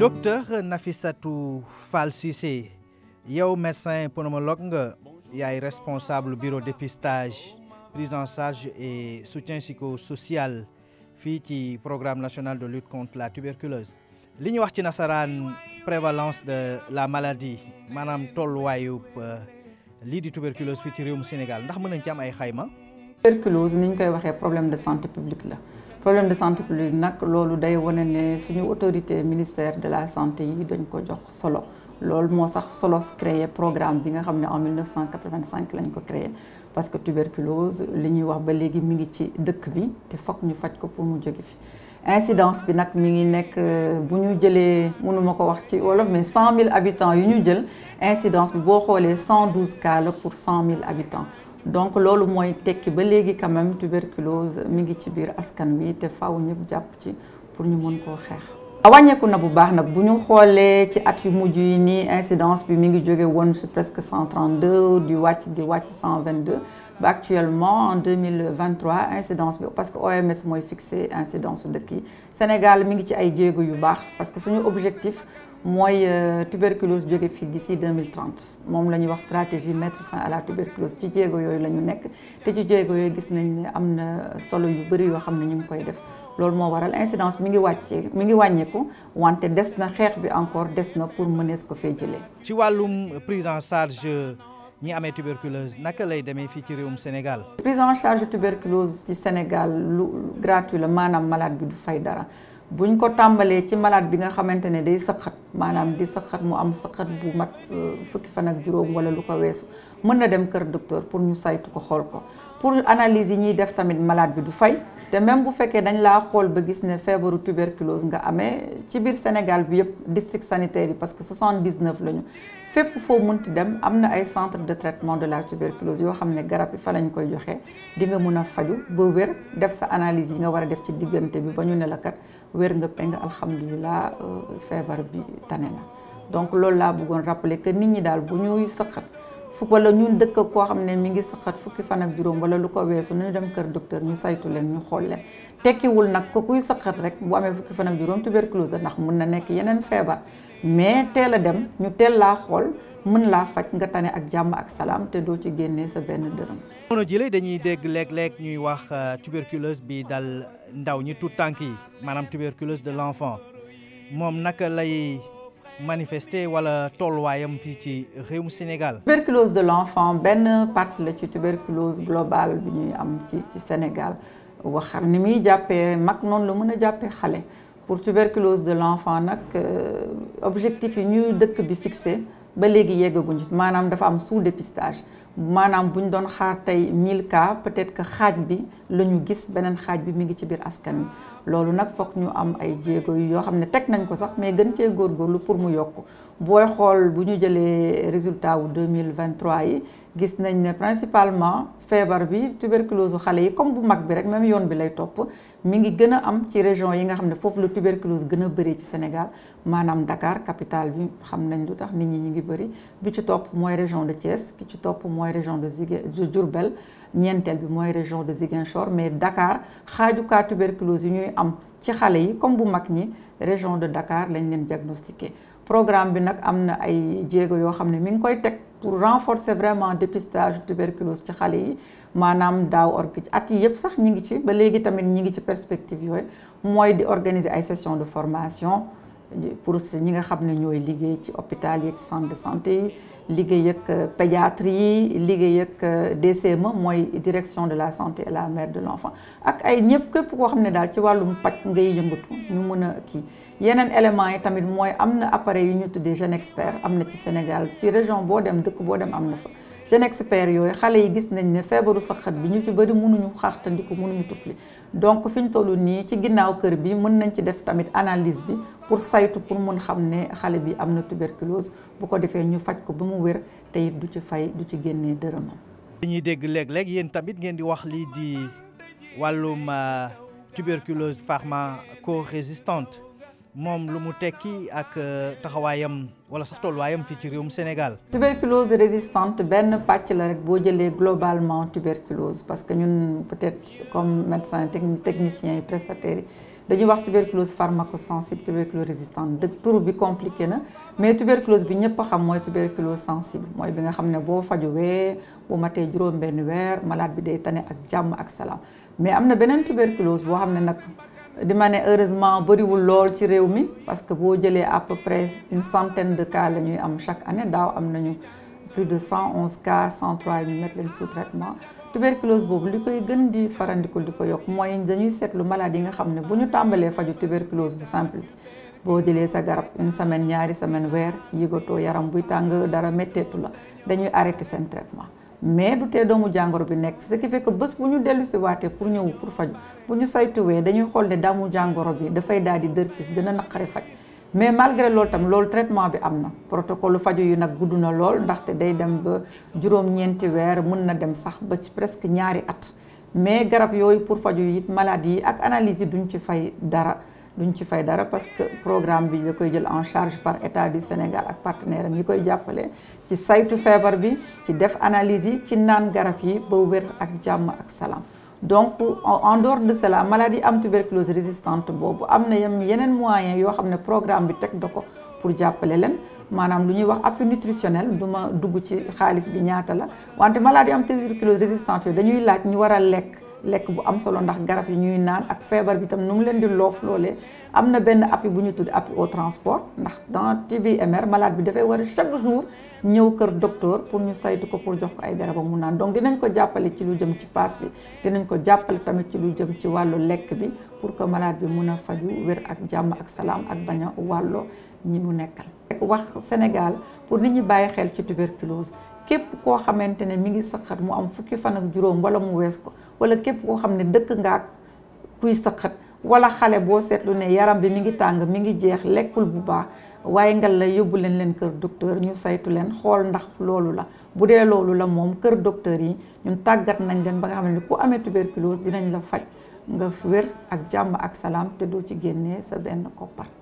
docteur Nafissatou Falsissé, yow médecin pneumologue responsable du responsable bureau dépistage prise en charge et soutien psychosocial fi programme national de lutte contre la tuberculose liñ wax ci prévalence de la maladie Madame tolwayou euh, li di tuberculose fi ci Sénégal ndax mën ci am ay tuberculose niñ koy problème de santé publique problème de santé publique nak lolu day woné né suñu autorité ministère de la santé yi dañ ko jox solo loolu mo sax solo créé programme bi nga xamné en 1985 lañ ko créé parce que tuberculose li ñuy wax ba légui mi ngi ci dëkk bi té foog ñu faj ko pour mu jóge fi incidence bi nak mi nekk euh, bu ñu wax ci wolof mais 100 000 habitants yu ñu jël incidence bi bo xolé 112 cas pour 100 000 habitants donc lolu moy tekki ba légui quand même tuberculose mi ngi ci bir askan bi té faaw ñep japp ci pour ñu mën ko xeex. wañéku na bu baax nak bu ñu xoolee ci at yu muju ni incidence bi mi ngi jóge woon presque 132 du wàcc di wàcc 122 ba actuellement en 2023 incidence bi parce que OMS moy fixé incidence de ki Sénégal mi ngi ci ay jéego yu baax parce que suñu objectif mooy euh, tuberculose jóge fi d'ici 2030 Mon la wax stratégie mettre fin à la tuberculose ci jéego yooyu la ñu nekk te ci jéego yooyu gis nañ solo yu bëri yoo xam ne ñu ngi koy def loolu moo waral incidence mi ngi wàccee mi ngi wàññeeku wante des na xeex bi encore des na pour mënees ko fee jëlee. ci wàllum prise en charge ñi amé tuberculose naka lay fi ci réewum Sénégal. prise en charge tuberculose ci Sénégal lu gratuit le maanaam malade bi du fay dara. buñ ko tambalé ci malade bi nga xamantene day saxat manam di saxat mu am saxat bu mat fukki fan ak juróom wala lu ko weesu mën dem kër docteur pour ñu saytu ko xol ko pour analyse yi ñi def tamit malade bi du fay te même bu féké dañ la xol ba gis ne fièvre tuberculose nga amé ci bir Sénégal bi yëpp district sanitaire yi parce que 79 lañu fépp fo mënti dem amna ay centre de traitement de la tuberculose yo xamné garap yi fa lañ koy joxe di nga mëna faju ba wér def sa analyse yi nga wara def ci digënté bi ba ñu ne la kat wér nga peng alhamdulilah euh, feebar bi tane na donc loolu laa bëggoon rappeler que nit ñi daal bu ñuy sëqat fu wala ñun dëkk koo xam ne mi ngi sëqat fukki fan ak juróom wala lu ko weesu nañu dem kër docteur ñu saytu leen ñu xool leen tekkiwul nag ko kuy sëqat rek bu amee fukki fan ak juróom tuberculose ndax mun na nekk yeneen feebar mais teel a dem ñu teel laa xool mën laa faj nga tane ak jàmm ak salaam te doo ci génnee sa benn dërëm. jamono jii dañuy dégg léeg-léeg ñuy wax euh, tuberculose bi dal. ndaw ñi tout tanki manam tuberculose de l'enfant mom naka lay manifester wala tolwayam fi ci réew Sénégal. tuberculose de l'enfant Ben partie la ci tuberculose globale bi ñuy am ci ci Sénégal wax ni muy jàppee mag noonu la mën a pour tuberculose de l'enfant nag euh, objectif yi ñuy dëkk bi fixé ba légui yeggaguñ manam dafa am sous dépistage. maanaam bu ñu doon xaar tey 1000 cas peut-être que xaaj bi la ñu gis beneen xaaj bi mi ngi ci biir askan wi loolu nag foog ñu am ay jéego yoo xam ne teg nañ ko sax mais gën cee góor góorgóorlu pour mu yokk booy xool bu ñu jëlee résultat wu 2023 yi gis nañ ne principalement. feebar bi tuberculose xale yi comme bu mag bi rek même yoon bi lay topp mi ngi gën a am ci région yi nga xam ne foofu la tuberculose gën a ci Sénégal maanaam Dakar capitale bi xam nañ lu tax nit ñi ñu ngi bëri bi ci topp mooy région de Thiès bi ci topp mooy région de Ziguinchor Djourbel ñeenteel bi mooy région de Ziguinchor mais Dakar xaaju cas tuberculose yi ñuy am ci xale yi comme bu mag ñi région de Dakar lañ leen diagnostiqué programme bi nag am na ay jéego yoo xam ne mi ngi koy teg pour renforcer vraiment le dépistage tuberculose ci les yi je suis org at yi yëpp sax ñi ngi ci ba léegi perspective Moi, mooy di organiser ay sessions de formation pour ñi nga xam ne ñooy liggéey ci hôpital centre de santé liggéey ak euh, pédiatre yi liggéey ak euh, DCME mooy direction de la santé et la mère de l'enfant ak ay ñep képp koo xam dal ci walum paj ngay yëngatu ñu mëna ki. Yenen yeneen yi tamit moy amna appareil yu ñu tuddee jeune expert amna ci Sénégal ci région bo dem dëkk bo dem amna fa jeune expert yoy xalé yi gis nañ ne feebaru saxat bi ñu ci bëri mënuñu xaartandiku mënuñu tuflé. donc fiñ ñu ni ci ginnaw kër bi mën nañ ci def tamit analyse bi pour saytu pour mun xamné xalé bi amna tuberculose bu ko defee ñu fajj ko ba mu wér te it du ci fay du ci génnee dërëmam. ñi dégg lég lég yeen tamit ngeen di wax li di walum euh, tuberculose pharmaco-résistante mom lu mu tekki ak euh, taxawayam wala sax tolluwaayam fi ci réewum Sénégal. tuberculose résistante ben patch la rek bo jëlé globalement tuberculose parce que ñun peut-être comme médecin technicien yi prestataires dañuy wax tuberculose pharmacosensible tuberculose résistante c'est compliqué na mais tuberculose bi tuberculose sensible mooy bi nga xam bu benn malade bi ak ak mais tuberculose di heureusement lool ci réew mi parce que boo jëlee à peu près une centaine de cas la chaque année daaw plus de 111 cas 103 ñu sous traitement tuberculose boobu li koy gën di farandiku di ko yokk mooy dañuy seetlu malade yi nga xam ne bu ñu tàmbalee faju tuberculose bu simple boo jëlee sa garab une semaine ñaari semaine weer yëgatoo yaram buy tàng dara métteetu la dañuy arrêté seen traitement mais du tee doomu jàngoro bi nekk ce qui fait que bés bu ñu dellu si waatee pour ñëw pour faju bu ñu saytuwee dañuy xool ne daamu jàngoro bi dafay daal di dërkis gën a naqari faj mais malgré loolu tam loolu traitement bi am na protocole faju yi nag gudd na lool ndaxte day dem ba juróom-ñeenti weer mun na dem sax ba ci presque ñaari at mais garab yooyu pour faju it maladie yi ak analyse yi duñ ci fay dara duñ ci fay dara parce que programme bi da koy jël en charge par état du Sénégal ak partenaire am yi koy jàppale ci saytu feebar bi ci def analyse yi ci naan garab yi ba wér ak jàmm ak salaam donc en dehors de cela maladie am tuberculose résistante boobu am na yem yeneen moyen y a ne programme bi pour jàppale leen manam luñuy wax appui nutritionnel duma dugg ci xaalis bi ñaata la wante maladie am tuberculose résistante dañuy laaj ñu war lek lekk bu am solo ndax garab yi ñuy naan ak feebar bi tam nu mu leen di loof loolee am na benn appui bu ñu tudd appui au transport ndax dans TBMR malaat bi dafay war chaque jour ñëw kër docteur pour ñu saytu ko pour jox ko ay garabam mu naan donc dinañ ko jàppale ci lu jëm ci paas bi dinañ ko jàppale tamit ci lu jëm ci wàllu lekk bi pour que malaat bi mun a faju wér ak jàmm ak salaam ak bañ a wàllo ñi mu nekkal. wax Sénégal pour nit ñi bàyyi xel ci tuberculose. képp koo xamante ne mi ngi saqat mu am fukki fan ak juróom wala mu wees ko wala képp koo xam ne dëkk nga ak kuy saqat wala xale boo seetlu ne yaram bi mu ngi tàng mi ngi jeex lekkul bu baax waaye ngal la yóbbu leen leen kër docteur ñu saytu leen xool ndax loolu la bu dee loolu la moom kër docteur yi ñun tàggat nañ leen ba nga xam ne ku amee tuberculose dinañ la faj nga wér ak jàmm ak salaam te doo ci génnee sa benn koppar